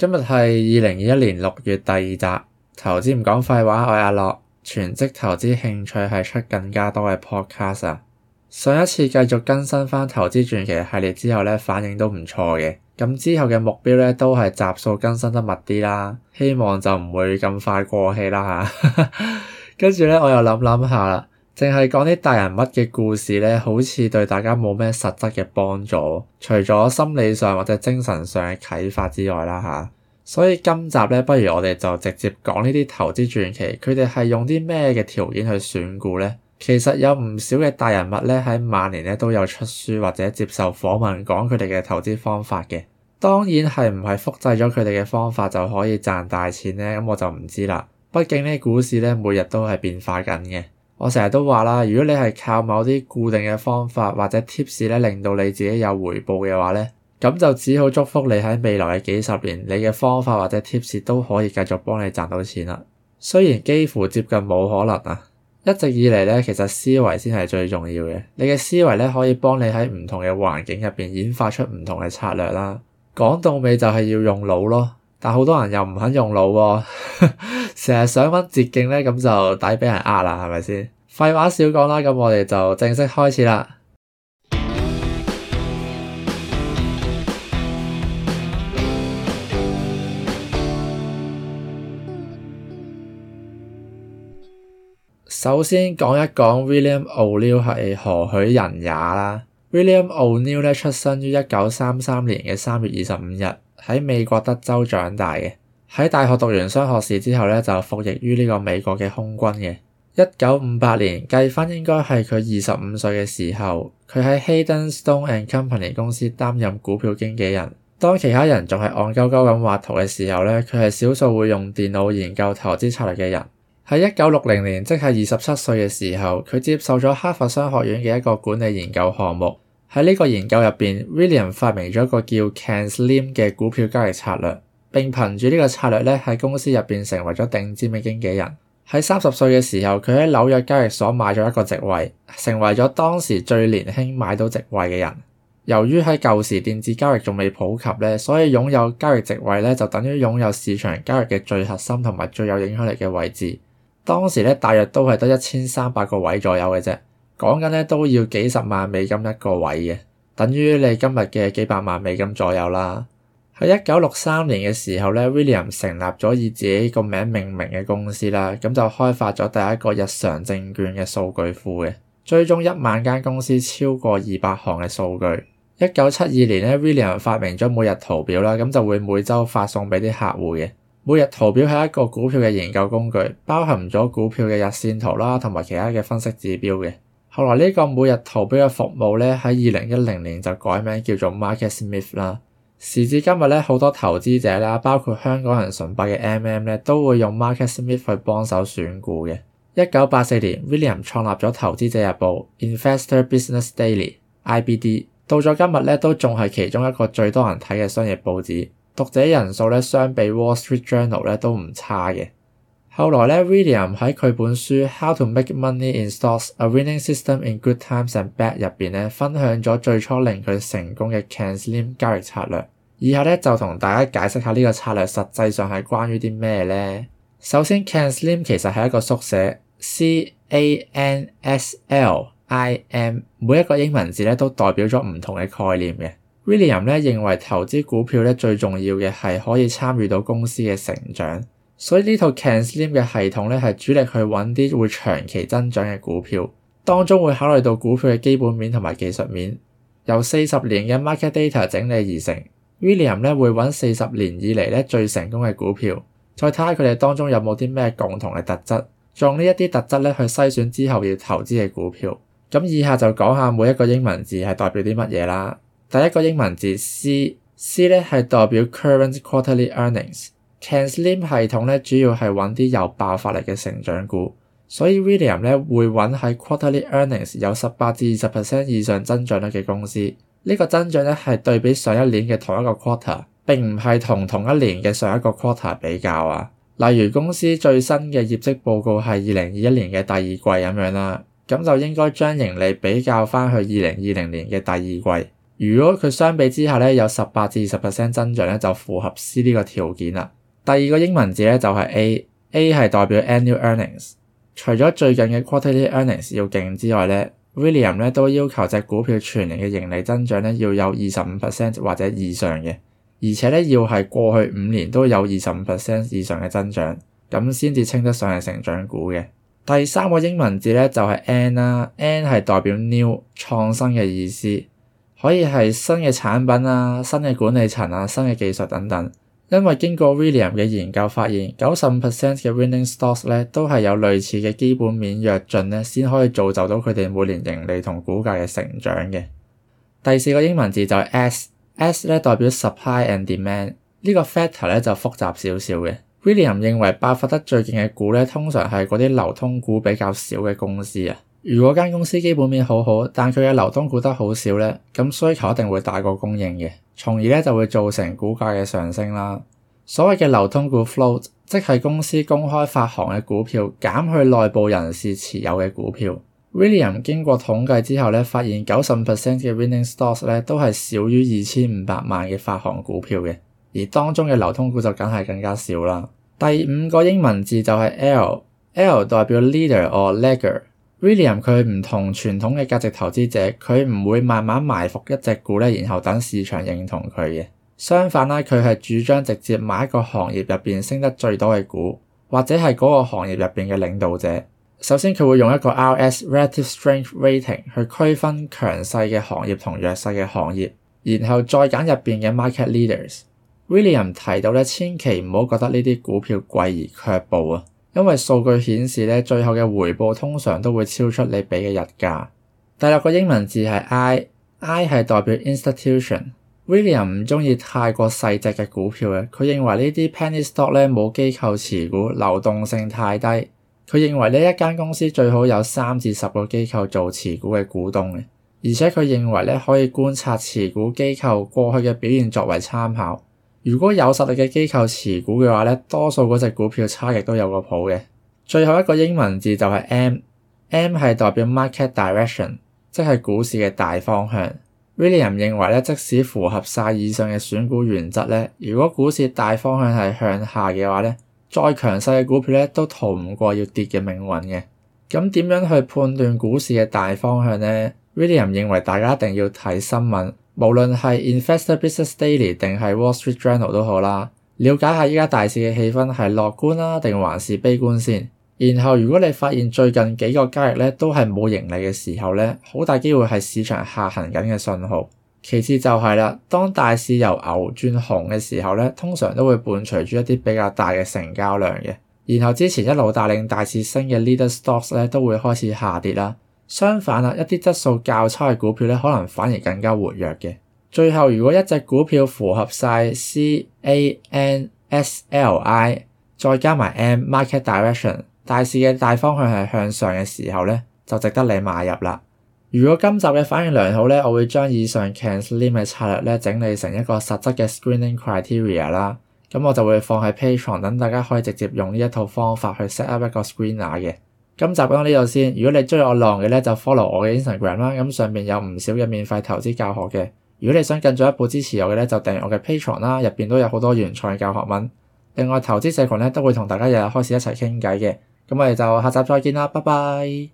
今日係二零二一年六月第二集，投資唔講廢話，我係阿樂，全職投資興趣係出更加多嘅 podcast 啊！上一次繼續更新翻投資傳奇系列之後咧，反應都唔錯嘅，咁之後嘅目標咧，都係集數更新得密啲啦，希望就唔會咁快過氣啦吓。跟住咧，我又諗諗下啦。淨係講啲大人物嘅故事咧，好似對大家冇咩實質嘅幫助，除咗心理上或者精神上嘅啟發之外啦吓啊。所以今集咧，不如我哋就直接講呢啲投資傳奇，佢哋係用啲咩嘅條件去選股呢？其實有唔少嘅大人物咧喺晚年咧都有出書或者接受訪問，講佢哋嘅投資方法嘅。當然係唔係複製咗佢哋嘅方法就可以賺大錢呢？咁我就唔知啦。畢竟呢股市咧每日都係變化緊嘅。我成日都話啦，如果你係靠某啲固定嘅方法或者 tips 咧，令到你自己有回報嘅話咧，咁就只好祝福你喺未來嘅幾十年，你嘅方法或者 tips 都可以繼續幫你賺到錢啦。雖然幾乎接近冇可能啊，一直以嚟咧，其實思維先係最重要嘅。你嘅思維咧，可以幫你喺唔同嘅環境入邊演化出唔同嘅策略啦。講到尾就係要用腦咯，但好多人又唔肯用腦喎。 成日想揾捷徑呢，咁就抵俾人呃啦，係咪先？廢話少講啦，咁我哋就正式開始啦。 首先講一講 William O'Neil 係何許人也啦。William O'Neil 呢，出生於一九三三年嘅三月二十五日，喺美國德州長大嘅。喺大學讀完商學士之後咧，就服役於呢個美國嘅空軍嘅。一九五八年計翻應該係佢二十五歲嘅時候，佢喺 Hayden Stone and Company 公司擔任股票經紀人。當其他人仲係戇鳩鳩咁畫圖嘅時候咧，佢係少數會用電腦研究投資策略嘅人。喺一九六零年，即係二十七歲嘅時候，佢接受咗哈佛商學院嘅一個管理研究項目。喺呢個研究入邊，William 發明咗個叫 CAN SLIM 嘅股票交易策略。並憑住呢個策略咧，喺公司入邊成為咗頂尖嘅經紀人。喺三十歲嘅時候，佢喺紐約交易所買咗一個席位，成為咗當時最年輕買到席位嘅人。由於喺舊時電子交易仲未普及咧，所以擁有交易席位咧就等於擁有市場交易嘅最核心同埋最有影響力嘅位置。當時咧大約都係得一千三百個位左右嘅啫，講緊咧都要幾十萬美金一個位嘅，等於你今日嘅幾百萬美金左右啦。喺一九六三年嘅時候咧，William 成立咗以自己個名命名嘅公司啦，咁就開發咗第一個日常證券嘅數據庫嘅，追蹤一萬間公司超過二百項嘅數據。一九七二年咧，William 發明咗每日圖表啦，咁就會每周發送俾啲客戶嘅。每日圖表係一個股票嘅研究工具，包含咗股票嘅日線圖啦，同埋其他嘅分析指標嘅。後來呢個每日圖表嘅服務咧，喺二零一零年就改名叫做 MarketSmith 啦。時至今日咧，好多投資者咧，包括香港人崇拜嘅 MM 咧，都會用 MarketSmith 去幫手選股嘅。一九八四年，William 創立咗《投資者日報》Investor Business Daily（IBD），到咗今日咧，都仲係其中一個最多人睇嘅商業報紙，讀者人數咧，相比《Wall Street Journal》咧，都唔差嘅。後來咧，William 喺佢本書《How to Make Money in Stocks: A Winning System in Good Times and Bad》入邊咧，分享咗最初令佢成功嘅 Can Slim 交易策略。以下咧就同大家解釋下呢個策略實際上係關於啲咩咧？首先，Can Slim 其實係一個縮寫，C A N S L I M，每一個英文字咧都代表咗唔同嘅概念嘅。William 咧認為投資股票咧最重要嘅係可以參與到公司嘅成長。所以呢套 Can Slim 嘅系統咧，係主力去揾啲會長期增長嘅股票，當中會考慮到股票嘅基本面同埋技術面，由四十年嘅 market data 整理而成。William 咧會揾四十年以嚟咧最成功嘅股票，再睇下佢哋當中有冇啲咩共同嘅特質，用呢一啲特質咧去篩選之後要投資嘅股票。咁以下就講下每一個英文字係代表啲乜嘢啦。第一個英文字 C，C 咧係代表 Current Quarterly Earnings。CAN SLIM 系統咧，主要係揾啲有爆發力嘅成長股，所以 William 咧會揾喺 Quarterly Earnings 有十八至二十 percent 以上增長率嘅公司。呢、呢個增長咧係對比上一年嘅同一個 Quarter，並唔係同同一年嘅上一個 Quarter 比較啊。例如公司最新嘅業績報告係二零二一年嘅第二季咁樣啦，咁就應該將盈利比較翻去二零二零年嘅第二季。如果佢相比之下咧有十八至二十 percent 增長咧，就符合 C 呢個條件啦。第二個英文字咧就係 A，A 係代表 annual earnings。除咗最近嘅 quarterly earnings 要勁之外咧，William 咧都要求隻股票全年嘅盈利增長咧要有二十五 percent 或者以上嘅，而且咧要係過去五年都有二十五 percent 以上嘅增長，咁先至稱得上係成長股嘅。第三個英文字咧就係 N 啦，N 係代表 new 創新嘅意思，可以係新嘅產品啊、新嘅管理層啊、新嘅技術等等。因為經過 William 嘅研究發現，九十五 percent 嘅 winning stocks 咧，都係有類似嘅基本面躍進咧，先可以造就到佢哋每年盈利同股價嘅成長嘅。第四個英文字就係 S，S 咧代表 supply and demand，個呢個 factor 咧就複雜少少嘅。William 認為爆發得最勁嘅股咧，通常係嗰啲流通股比較少嘅公司啊。如果間公司基本面好好，但佢嘅流通股得好少咧，咁需求一定會大過供應嘅，從而咧就會造成股價嘅上升啦。所謂嘅流通股 float，即係公司公開發行嘅股票減去內部人士持有嘅股票。William 經過統計之後咧，發現九十五 percent 嘅 winning stocks 咧都係少於二千五百萬嘅發行股票嘅，而當中嘅流通股就梗係更加少啦。第五個英文字就係 L，L 代表 leader or laggard。William 佢唔同傳統嘅價值投資者，佢唔會慢慢埋伏一隻股咧，然後等市場認同佢嘅。相反啦、啊，佢係主張直接買一個行業入邊升得最多嘅股，或者係嗰個行業入邊嘅領導者。首先佢會用一個 RS Relative Strength Rating 去區分強勢嘅行業同弱勢嘅行業，然後再揀入邊嘅 market leaders。William 提到咧，千祈唔好覺得呢啲股票貴而卻步啊！因為數據顯示咧，最後嘅回報通常都會超出你俾嘅日價。第六個英文字係 I，I 係代表 institution。William 唔鍾意太過細隻嘅股票嘅，佢認為呢啲 penny stock 咧冇機構持股，流動性太低。佢認為呢一間公司最好有三至十個機構做持股嘅股東嘅，而且佢認為咧可以觀察持股機構過去嘅表現作為參考。如果有實力嘅機構持股嘅話咧，多數嗰隻股票差極都有個譜嘅。最後一個英文字就係 M，M 係代表 market direction，即係股市嘅大方向。William 認為咧，即使符合晒以上嘅選股原則咧，如果股市大方向係向下嘅話咧，再強勢嘅股票咧都逃唔過要跌嘅命運嘅。咁點樣去判斷股市嘅大方向咧？William 認為大家一定要睇新聞。無論係 Investor Business Daily 定係 Wall Street Journal 都好啦，了解下依家大市嘅氣氛係樂觀啦、啊、定還是悲觀先。然後如果你發現最近幾個交易咧都係冇盈利嘅時候咧，好大機會係市場下行緊嘅信號。其次就係、是、啦，當大市由牛轉熊嘅時候咧，通常都會伴隨住一啲比較大嘅成交量嘅。然後之前一路帶領大市升嘅 Leader Stocks 咧都會開始下跌啦。相反啦，一啲質素較差嘅股票咧，可能反而更加活躍嘅。最後，如果一隻股票符合晒 C A N S L I，再加埋 M Market Direction，大市嘅大方向係向上嘅時候咧，就值得你買入啦。如果今集嘅反應良好咧，我會將以上 CAN SLIM 嘅策略咧整理成一個實質嘅 Screening Criteria 啦。咁我就會放喺 Patreon，等大家可以直接用呢一套方法去 set up 一個 Screener 嘅。今集講到呢度先。如果你鍾意我浪嘅咧，就 follow 我嘅 Instagram 啦。咁上面有唔少嘅免費投資教學嘅。如果你想更進一步支持我嘅咧，就訂閱我嘅 Patreon 啦。入邊都有好多原創嘅教學文。另外，投資社群咧都會同大家日日開始一齊傾偈嘅。咁我哋就下集再見啦，拜拜。